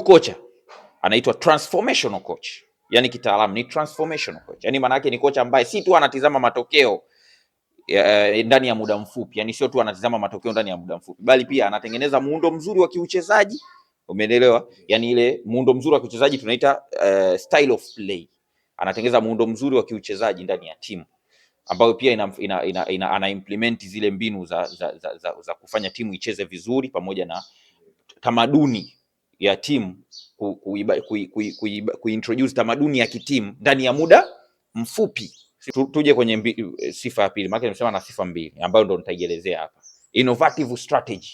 kocha anaitwa transformational coach, yani kitaalamu ni transformational coach, yani maana yake ni kocha ambaye si tu anatizama matokeo e, ndani ya muda mfupi, yani sio tu anatizama matokeo ndani ya muda mfupi, bali pia anatengeneza muundo mzuri wa kiuchezaji. Umeelewa? Yani ile muundo mzuri wa kiuchezaji tunaita uh, style of play. Anatengeneza muundo mzuri wa kiuchezaji ndani ya timu ambayo pia ina, ina, ina, ina, ana implement zile mbinu za, za, za, za, za kufanya timu icheze vizuri pamoja na tamaduni ya timu kuintroduce tamaduni ya kitimu ndani ya muda mfupi. Tuje kwenye mbi, eh, sifa ya pili, maana nimesema na sifa mbili ambayo ndo nitaielezea hapa. Innovative strategy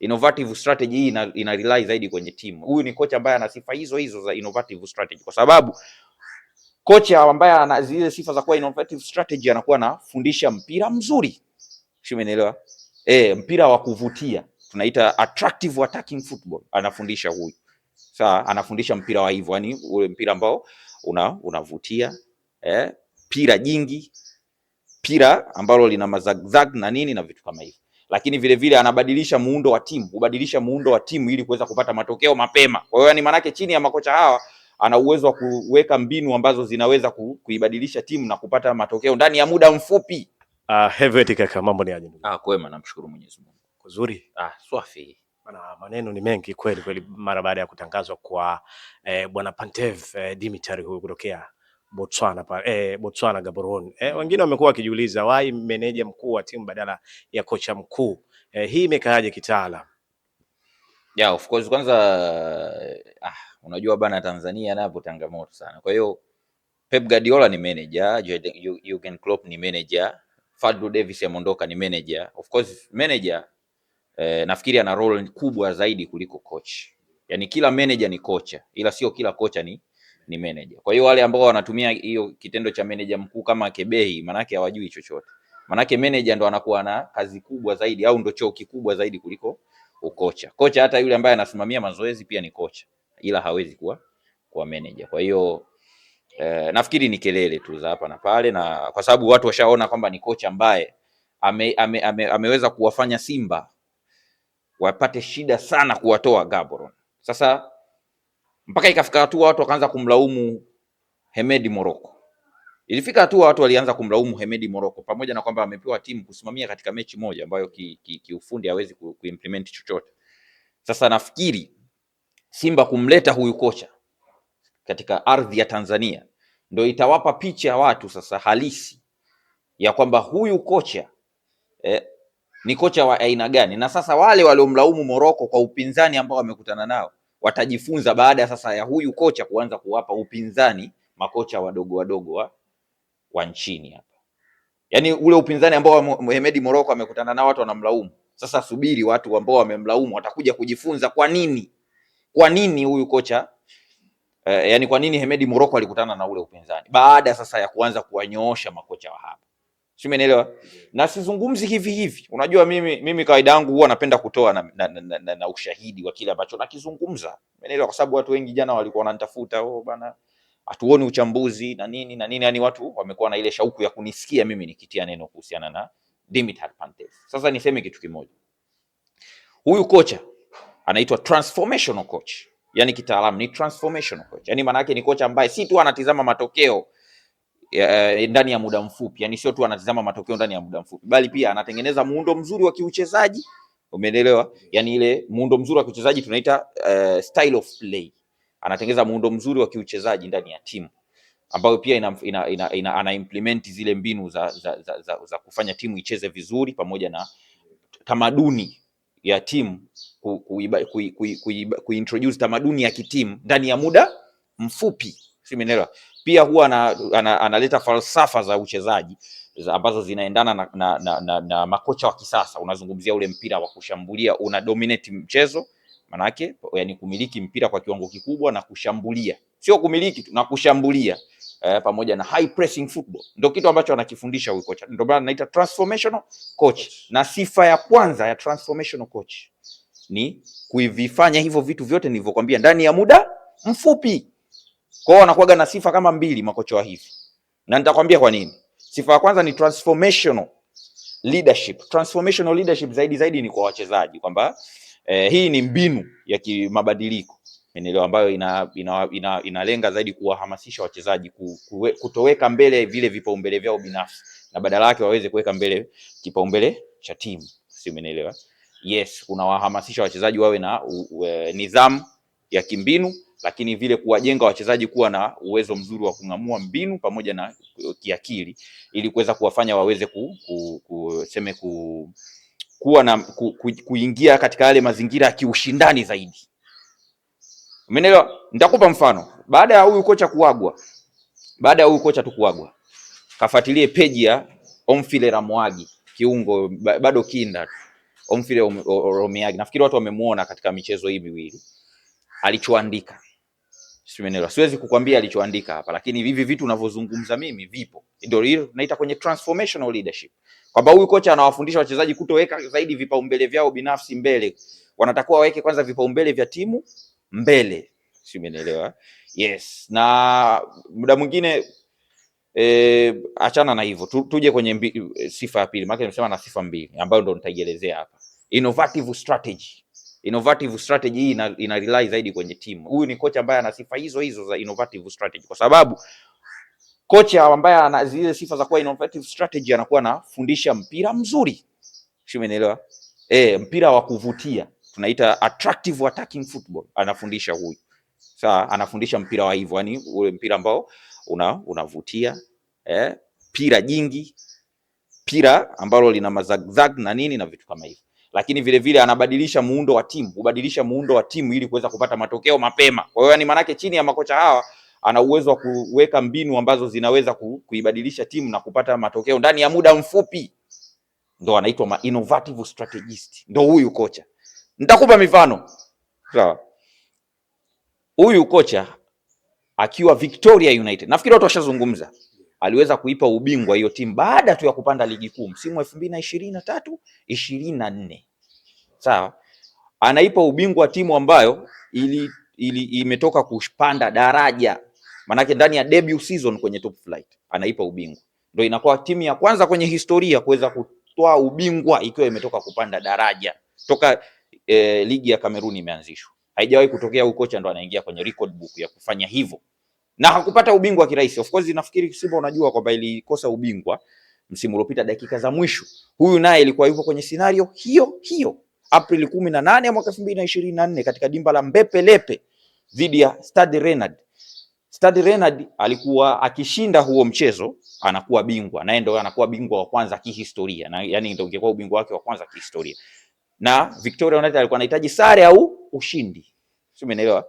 innovative strategy hii ina, ina rely zaidi kwenye timu. Huyu ni kocha ambaye ana sifa hizo hizo za innovative strategy, kwa sababu kocha ambaye ana zile sifa za kuwa innovative strategy anakuwa anafundisha mpira mzuri, Sio, umeelewa? Eh, mpira wa kuvutia tunaita attractive attacking football. Anafundisha huyu sawa, anafundisha mpira wa hivyo, yani ule mpira ambao una, unavutia eh, pira jingi, pira ambalo lina mazagzag na nini na vitu kama hivyo, lakini vile vile anabadilisha muundo wa timu, hubadilisha muundo wa timu ili kuweza kupata matokeo mapema. Kwa hiyo yani maanake chini ya makocha hawa ana uwezo wa kuweka mbinu ambazo zinaweza ku, kuibadilisha timu na kupata matokeo ndani ya muda mfupi. Uh, ah, Heavyweight kaka, mambo ni aje? Ah, kwema, namshukuru Mwenyezi Mungu. Kuzuri? Ah, swafi. Bana, maneno ni mengi kweli kweli mara baada ya kutangazwa kwa eh, bwana Pantev eh, Dimitri huyu kutokea Botswana pa, eh, Botswana Gaborone. Eh, wengine wamekuwa wakijiuliza why meneja mkuu wa timu badala ya kocha mkuu. Eh, hii imekaaje kitaalam? Yeah, of course kwanza ah, unajua bana Tanzania napo changamoto sana. Kwa hiyo Pep Guardiola ni manager, Jurgen Klopp ni manager, Fadlu Davis ameondoka ni manager. Of course manager eh, nafikiri ana role kubwa zaidi kuliko coach. Yani kila manager ni kocha, ila sio kila kocha ni ni manager. Kwa hiyo wale ambao wanatumia hiyo kitendo cha manager mkuu kama kebehi, manake hawajui chochote, manake manager ndo anakuwa na kazi kubwa zaidi au ndo cheo kikubwa zaidi kuliko ukocha. Kocha hata yule ambaye anasimamia mazoezi pia ni kocha, ila hawezi kuwa kuwa manager. Kwa hiyo eh, nafikiri ni kelele tu za hapa na pale, na kwa sababu watu washaona kwamba ni kocha ambaye ame, ame, ame, ameweza kuwafanya Simba wapate shida sana kuwatoa Gaborone. Sasa mpaka ikafika hatua watu wakaanza kumlaumu Hemedi Moroko. Ilifika hatua watu walianza kumlaumu Hemedi Moroko pamoja na kwamba amepewa timu kusimamia katika mechi moja ambayo kiufundi ki, ki hawezi kuimplement chochote. Sasa nafikiri Simba kumleta huyu kocha katika ardhi ya Tanzania ndio itawapa picha watu sasa halisi ya kwamba huyu kocha eh, ni kocha wa aina gani, na sasa wale waliomlaumu moroko kwa upinzani ambao wamekutana nao watajifunza baada sasa ya huyu kocha kuanza kuwapa upinzani makocha wadogo wadogo wa, wa nchini hapa, yaani ule upinzani ambao Mohamed moroko amekutana nao watu wanamlaumu. Sasa subiri watu ambao wamemlaumu watakuja kujifunza kwa nini, kwa nini huyu kocha eh, yaani kwa nini Hemedi Moroko alikutana na ule upinzani baada sasa ya kuanza kuwanyoosha makocha wa hapa si umeelewa? Na sizungumzi hivi hivi. Unajua mimi, mimi kawaida yangu huwa napenda kutoa na, na, na, na, na ushahidi wa kile ambacho nakizungumza, umeelewa? Kwa sababu watu wengi jana walikuwa wananitafuta oh, bana hatuoni uchambuzi na nini na nini, yani watu wamekuwa na ile shauku ya kunisikia mimi nikitia neno kuhusiana na Dimitar Pantev. Sasa niseme kitu kimoja, huyu kocha anaitwa transformational coach, yani kitaalamu ni transformational coach, yani maana yake ni kocha ambaye si tu anatizama matokeo e, ndani ya muda mfupi, yani sio tu anatizama matokeo ndani ya muda mfupi, bali pia anatengeneza muundo mzuri wa kiuchezaji. Umeelewa? Yani ile muundo mzuri wa kiuchezaji tunaita uh, style of play. Anatengeneza muundo mzuri wa kiuchezaji ndani ya timu ambayo pia ina, ina, ina, ina, ana implement zile mbinu za, za, za, za, za kufanya timu icheze vizuri pamoja na tamaduni ya timu kuintroduce tamaduni ya kitimu ndani ya muda mfupi, si umeelewa? Pia huwa analeta ana, ana falsafa za uchezaji ambazo zinaendana na, na, na, na, na makocha wa kisasa. Unazungumzia ule mpira wa kushambulia, una dominate mchezo manake, yani kumiliki mpira kwa kiwango kikubwa na kushambulia, sio kumiliki tu na kushambulia eh, pamoja na high pressing football, ndio kitu ambacho anakifundisha huyu kocha, ndio maana anaita transformational coach. Na sifa ya kwanza ya transformational coach ni kuivifanya hivyo vitu vyote nilivyokwambia ndani ya muda mfupi. Kwa hiyo wanakuwaga na sifa kama mbili makocha hivi, na nitakwambia kwa nini. Sifa ya kwanza ni transformational leadership. Transformational leadership zaidi zaidi ni kwa wachezaji kwamba eh, hii ni mbinu ya kimabadiliko menelewa ambayo inalenga ina, ina, ina zaidi kuwahamasisha wachezaji ku, ku, kutoweka mbele vile vipaumbele vyao binafsi na badala yake waweze kuweka mbele kipaumbele cha timu, si umeelewa? Yes, unawahamasisha wachezaji wawe na u, u, eh, nidhamu ya kimbinu lakini vile kuwajenga wachezaji kuwa na uwezo mzuri wa kung'amua mbinu pamoja na kiakili ili kuweza kuwafanya waweze ku, ku, ku, seme ku, kuwa na ku, ku, kuingia katika yale mazingira ya kiushindani zaidi. Umeelewa? Nitakupa mfano. Baada ya huyu kocha kuagwa, baada ya huyu kocha tu kuagwa, kafuatilie peji ya Omfile Ramwagi, kiungo bado kinda Omfile Romiagi, nafikiri watu wamemuona katika michezo hii miwili alichoandika Simenelewa. Siwezi kukwambia alichoandika hapa, lakini hivi vitu unavyozungumza mimi vipo. Ndio hilo naita kwenye transformational leadership. Kwamba huyu kocha anawafundisha wachezaji kutoweka zaidi vipaumbele vyao binafsi mbele. Wanatakiwa waweke kwanza vipaumbele vya timu mbele. Simenelewa. Yes. Na muda mwingine E, achana na hivyo tu, tuje kwenye mbi, eh, sifa ya pili maana nimesema na sifa mbili ambayo ndo nitaielezea hapa innovative strategy innovative strategy hii ina, ina rely zaidi kwenye timu. Huyu ni kocha ambaye ana sifa hizo hizo za innovative strategy, kwa sababu kocha ambaye ana zile sifa za kuwa innovative strategy anakuwa anafundisha mpira mzuri, umeelewa? E, mpira wa kuvutia tunaita attractive attacking football anafundisha huyu. Sawa, anafundisha mpira wa hivyo, yani ule mpira ambao una unavutia eh, pira jingi, pira ambalo lina mazagzag na nini na vitu kama hivyo lakini vile vile anabadilisha muundo wa timu, hubadilisha muundo wa timu ili kuweza kupata matokeo mapema. Kwa hiyo yani, maanake chini ya makocha hawa ana uwezo wa kuweka mbinu ambazo zinaweza ku, kuibadilisha timu na kupata matokeo ndani ya muda mfupi. Ndo anaitwa ma innovative strategist, ndo huyu kocha. Nitakupa mifano sawa. Huyu kocha akiwa Victoria United, nafikiri watu washazungumza aliweza kuipa ubingwa hiyo timu baada tu ya kupanda ligi kuu msimu wa elfu mbili na ishirini na tatu ishirini na nne sawa. Anaipa ubingwa timu ambayo ili, ili, imetoka kupanda daraja, manake ndani ya debut season kwenye top flight anaipa ubingwa, ndio inakuwa timu ya kwanza kwenye historia kuweza kutoa ubingwa ikiwa imetoka kupanda daraja toka eh, ligi ya Kameruni imeanzishwa haijawahi kutokea. Huyu kocha ndo anaingia kwenye record book ya kufanya hivyo na hakupata ubingwa kirahisi. Of course nafikiri Simba unajua kwamba ilikosa ubingwa msimu uliopita dakika za mwisho. Huyu naye ilikuwa yuko kwenye scenario hiyo hiyo Aprili kumi na nane mwaka elfu mbili na ishirini na nne katika dimba la Mbepe Lepe dhidi ya Stade Renard. Stade Renard alikuwa akishinda huo mchezo anakuwa bingwa, naye ndio anakuwa bingwa wa kwanza kihistoria, na yani ndio ungekuwa ubingwa wake wa kwanza kihistoria, na Victoria United alikuwa anahitaji sare au ushindi, sio umeelewa?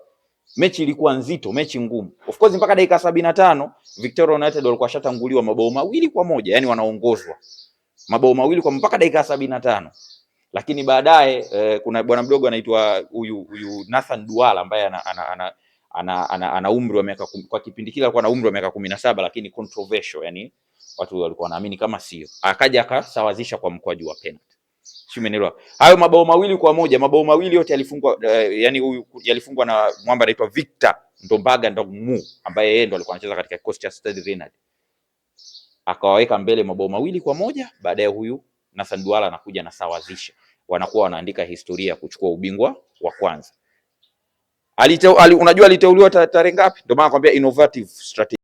mechi ilikuwa nzito, mechi ngumu. Of course mpaka dakika sabini na tano Victoria United walikuwa shatanguliwa mabao mawili kwa moja, yani wanaongozwa mabao mawili kwa mpaka dakika sabini na tano lakini baadaye eh, kuna bwana mdogo anaitwa huyu huyu Nathan Duala ambaye ana, ana, ana, ana, ana, ana umri wa miaka kwa kipindi kile alikuwa na umri wa miaka kumi na saba lakini controversial, yani watu walikuwa wanaamini kama sio, akaja akasawazisha kwa mkwaju wa penalty. Umenielewa? Hayo mabao mawili kwa moja, mabao mawili yote yalifungwa uh, yani huyu yalifungwa na mwamba anaitwa Victor Ndombaga Ndong'u ambaye yeye ndo alikuwa anacheza katika kikosi cha Stade Renard. Akawaweka mbele mabao mawili kwa moja, baadaye huyu Nathan Duala anakuja sawazisha, Wanakuwa wanaandika historia kuchukua ubingwa wa kwanza. Alite, al, unajua aliteuliwa tarehe ngapi? Ndio maana nakwambia innovative strategy.